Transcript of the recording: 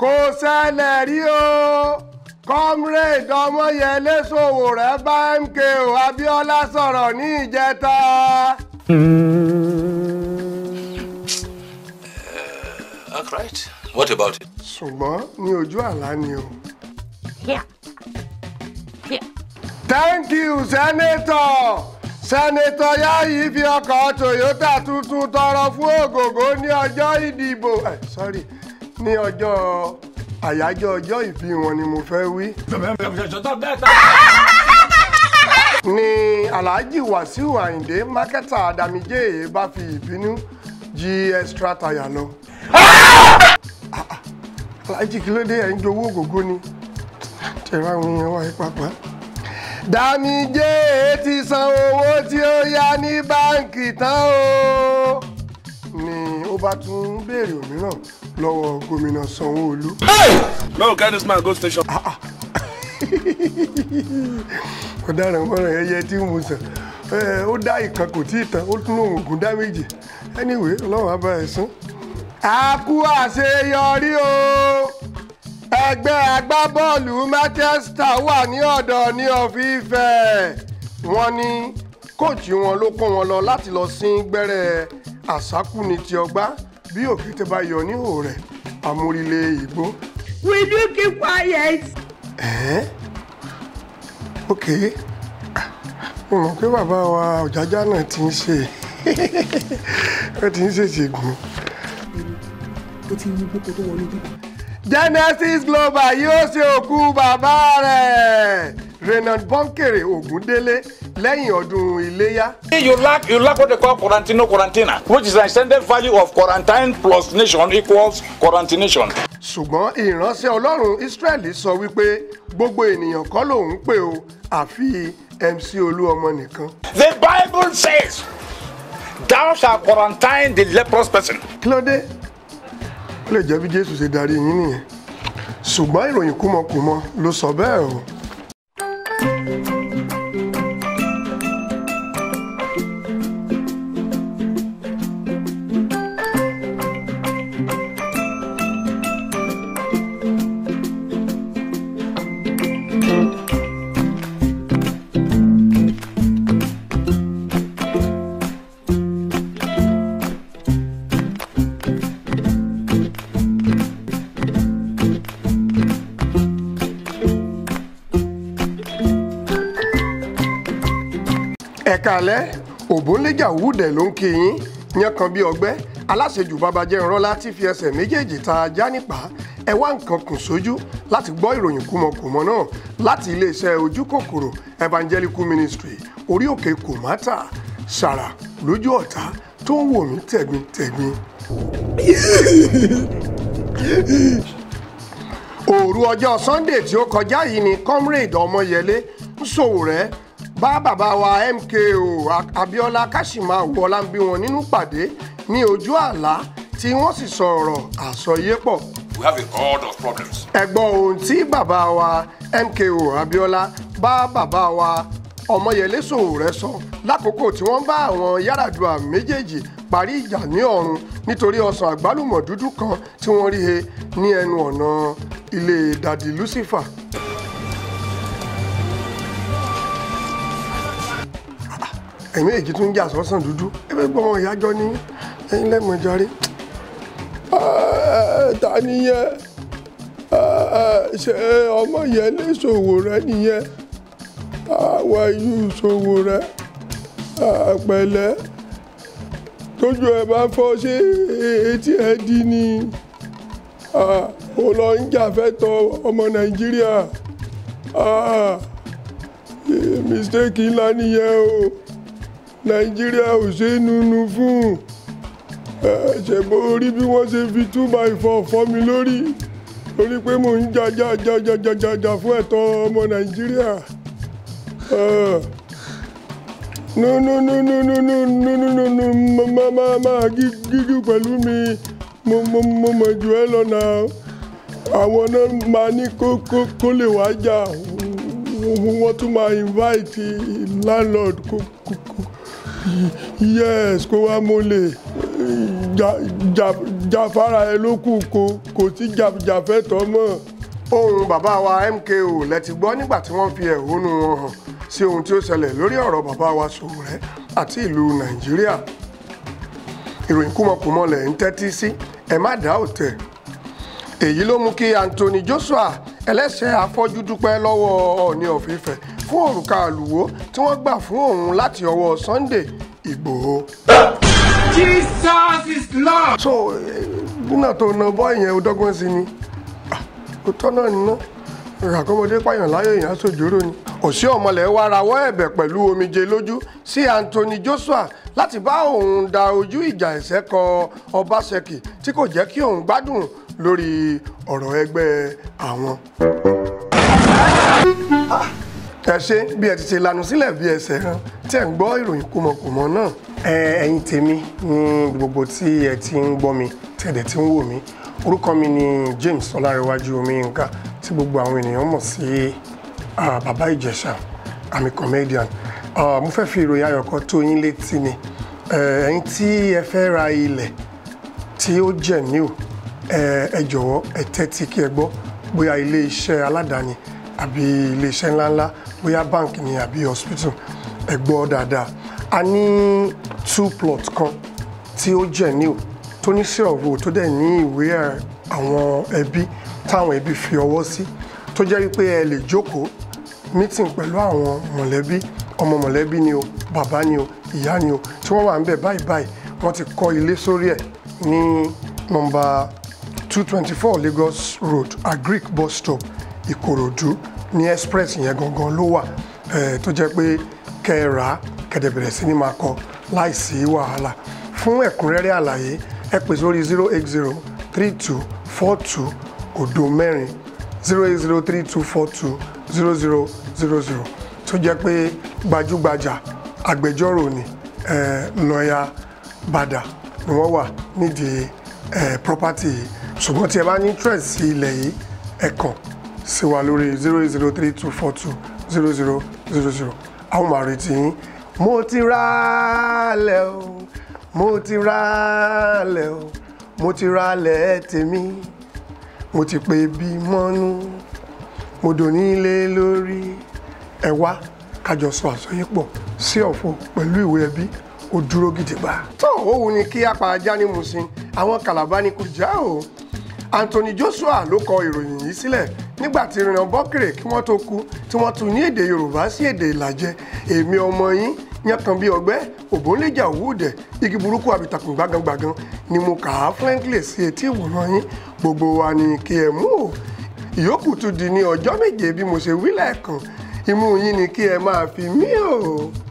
kò ṣẹlẹ̀ rí o comrade ọmọyẹlé sowore bá MKO Abíọ́lá sọ̀rọ̀ ní ìjẹta. Uh, what about it. ṣùgbọ́n ní ojú àlá ni o. thank you senator sẹ́nitọ́ Yayi fi ọkọ̀ Toyota tuntun tọrọ fún Ògògó ní ọjọ́ ìdìbò eh, sorry ní ọjọ́ àyájọ́ ọjọ́ ìbí wọn ni mo fẹ́ wí. ní Alhaji Wàsíù Àyìndé mákẹ́tà Adamijé bá fi ìbínú jí extra tire lọ. Alhaji kí ló dé ẹ̀ ń jowó ògógó ni tẹ̀ra àwọn èèyàn wáyé pàápàá. Damije ti san owó tí ó yá ní báǹkì tán o bá tún béèrè òmíràn lọ́wọ́ gómìnà sanwó-olu. no kind of man go station. Ah, ah. ọ̀daràn mọ́ràn ẹyẹ tí mo sàn ó dá ìkan kò tí ì tán ó tún lòun ògùn dá méjì anyway ọlọ́run á bá ẹ sún. a kú àṣeyọrí o ẹgbẹ́ agbábọ́ọ̀lù Manchester wà ní ọ̀dọ̀ ní ọ̀fíìfẹ́ wọn ni kóòtù wọn ló kó wọn lọ láti lọ sín gbẹ́rẹ́ àsákù ní ti ọgbá bí òkété bá yọ níhò rẹ̀ amúrílé ìgbó. will you keep quiet. ẹ̀ẹ́ ok mo mọ̀ pé bàbá wa ọ̀jájá náà ti ń ṣe ó ti ń ṣèṣègùn. ó ti ń gbókò tó wọlé dé. Genesis Global yóò ṣe òkú bàbá rẹ̀ Renan Bonkere Ògúndélé lẹ́yìn ọdún iléyá. you lack you lack what they call quarantino quarantina which is an extended value of quarantine plus nation equals quarantination. ṣùgbọ́n ìránṣẹ́ ọlọ́run israẹli sọ wípé gbogbo ènìyàn kọ́ lòun pé o àfi mc olúọmọ nìkan. the bible says thou shall quarantine the leprous person. kí ló dé ó lè jẹ́ bí jésù ṣe darí yín nìyẹn ṣùgbọ́n ìròyìn kúmọkùmọ ló sọ bẹ́ẹ̀ o. ẹ̀ka alẹ́ òbólẹ́jà òwúdẹ̀ ló ń kí yín yẹn kan bí ọgbẹ́ aláṣejù babajẹ́ ńrọ́lá tí fi ẹsẹ̀ méjèèjì ta ajá nípa ẹ wá nǹkan kùn sójú láti gbọ́ ìròyìn kùmọ̀kùmọ̀ náà láti iléeṣẹ́ ojú kòkòrò evangelical ministry orí òkè kòmátà ṣàrà lójú ọ̀tá tó ń wò mí tẹ̀gbintẹ̀gbin. òru ọjọ́ sunday tí ó kọjá yìí ni comrade ọmọyẹlé ń ṣòwò rẹ̀ bá bàbá wa MKO Abíọ́lá Káṣímáwo Ọlámbíwọn nínú pàdé ní ojú àlá tí wọ́n sì sọ̀rọ̀ àsọyépọ̀. we have a god of problems. ẹ̀gbọ́n ohun tí bàbá wa MKO Abiola bá bàbá wa Ọmọyẹlé Sowore sọ lákòókò tí wọ́n bá àwọn Yàràdùà méjèèjì parí ìjà ní ọ̀run nítorí ọsàn àgbálùmọ̀ dúdú kan tí wọ́n rí he ní ẹnu ọ̀nà ilé Dadi Lucifer. ẹ̀mí èjì tún ń jà sọ́sàn dúdú ẹgbẹ́ gbọ́mọ ìyájọ́ ní ẹyin lẹ́mọ̀ jọrí. ta ni yẹn ṣe ọmọ yẹn lè ṣòwò rẹ nìyẹn àwa yóò ṣòwò rẹ pẹ̀lẹ́ tójú ẹ bá fọ́ ṣé etí ẹ di ni ò lọ ń jà fẹ́tọ̀ ọmọ nàìjíríà mistake ńlá nìyẹn o nàìjíríà ò ṣe é nunu fún ṣẹ̀bọ̀ orí bí wọ́n ṣe fi two by four fọ́ mi lórí torí pé mò ń jajajajajaja fún ẹ̀tọ́ ọmọ nàìjíríà nùnùnùnùnùnùnùnù máa máa gígí pẹ̀lú mi mo mọ̀ jù ẹ́ lọ́nà àwọn náà máa ní kó lè wá jà wọ́n tún máa invite landlord kó kó kó yes kó wá mọ́lẹ̀ jàfara ẹ ló kù kó kò tí jàfẹ́tọ̀ mọ́. ohun bàbá wa MKO lẹ ti gbọ́ nígbà tí wọ́n fi ẹ̀hónú wọn hàn sí ohun tí ó ṣẹlẹ̀ lórí ọ̀rọ̀ bàbá wa Sowore àti ìlú Nàìjíríà ìròyìn kúmọkùmọ lẹ̀ ń tẹ́tí sí ẹ má dá òtẹ̀ èyí ló mú kí Anthony Joshua ẹlẹ́sẹ̀ afọ́jú dúpẹ́ lọ́wọ́ Ọọ̀ni of fún òrùka àlùwò tí wọ́n gbà fún òun láti ọwọ́ Sunday Ìgbòho. Jesus is Lord. so nínà tó na bọ́ ìyẹn ó dọ́gbọ́n sí ni ah, ó tọ́nà níná ìràkọ́mọdé pààyàn láyé èèyàn sòjóró ni. òsì ọmọlẹ̀ wa rawọ́ ẹ̀bẹ̀ pẹ̀lú omijé lójú sí Anthony Joshua láti bá òun da ojú ìjà ẹ̀sẹ̀ kọ Ọbaṣẹ́kì tí kò jẹ́ kí òun gbádùn lórí ọ̀rọ̀ ẹgbẹ́ àwọn. Ah! ẹ ṣe bí ẹ ti ṣe lanu sílẹ̀ bí ẹsẹ̀ hàn tí ẹ ń gbọ́ ìròyìn kùmọ̀kùmọ̀ náà ẹ̀yin tèmi ní gbogbo tí ẹ ti ń gbọ́ mi tí ẹ dẹ̀ ti ń wò mí orúkọ mi ni James Ọlárẹ̀wájú Omiyinka tí gbogbo àwọn ènìyàn mọ̀ sí Bàbá Ìjẹ̀ṣà àmì comedian mo fẹ́ fi ìròyìn ayọ̀ kan tó yín létí ni ẹ̀yin tí ẹ fẹ́ ra ilẹ̀ tí ó jẹ́ new ẹ jọ̀wọ́ ẹ tẹ́tí kí ẹ gbọ́ bóyá ilé iṣẹ́ aládàáni àbí ilé iṣẹ́ ńláńlá bóyá bank ni àbí hospital ẹ gbọ́ dáadáa a ní two plot kan tí ó jẹ́ new tó ní sí ọ̀rọ̀ tó dẹ̀ ní ìwé àwọn ẹbí táwọn ẹbí fi ọwọ́ sí tó jẹ́ wípé ẹ lè jókòó meeting pẹ̀lú àwọn mọ̀lẹ́bí ọmọ mọ̀lẹ́bí ni o bàbá ni o ìyá ni o tí wọ́n wà ń bẹ̀ báyìí báyìí wọ́n ti kọ́ ilé sórí ẹ̀ ní nọ́mbà two twenty four Lagos Road Agric bus stop Ìkòròdú ní express yẹn gangan ló wà tó jẹ́ pé kẹ́ ẹ sí ni máa kọ láìsí wàhálà fún ẹ̀kúnrẹ́rẹ́ àlàyé ẹ pè sórí zero eight zero three two four two òdo mẹ́rin zero eight zero three two four two zero zero zero zero tó jẹ́ pé gbajúgbajà agbẹjọ́rò ni lọ́ọ̀yà bàdà ni wọ́n wà nídìí property yìí ṣùgbọ́n tí ẹ bá ní interest sí ilẹ̀ yìí ẹ kàn sí wa lórí zero eight zero three two four two zero zero zero zero a ó máa retí yín. mo ti ra alẹ̀ o mo ti ra alẹ̀ o mo ti ra alẹ̀ tèmi mo ti pè bí mọ́nú mo dò nílé lórí ẹ wá kájọ sọ àsọyépọ̀ sí ọ̀fọ̀ pẹ̀lú ìwé ẹbí ó dúró gidigba. tó òun ni kí apá ajá ní musin àwọn kàlábá ni kò já o Anthony Joshua ló kọ ìròyìn yìí sílẹ̀ nígbà tí ìrìnà bọ́kìrè kí wọ́n tó kú tí wọ́n tún ní èdè yorùbá sí èdè ìlàjẹ èmi ọmọ yín yankan bíi ọgbẹ́ òbónléjà òwúdẹ̀ igi burúkú àbìtàkùn gbàgangbagan ni mo kà á frankly sí etí ìwòran yín gbogbo wa ni kí ẹ mú o ìyókù tún di ní ọjọ́ méje bí mo ṣe wí lẹ́ẹ̀kan imú yín ni kí ẹ máa fi mí o.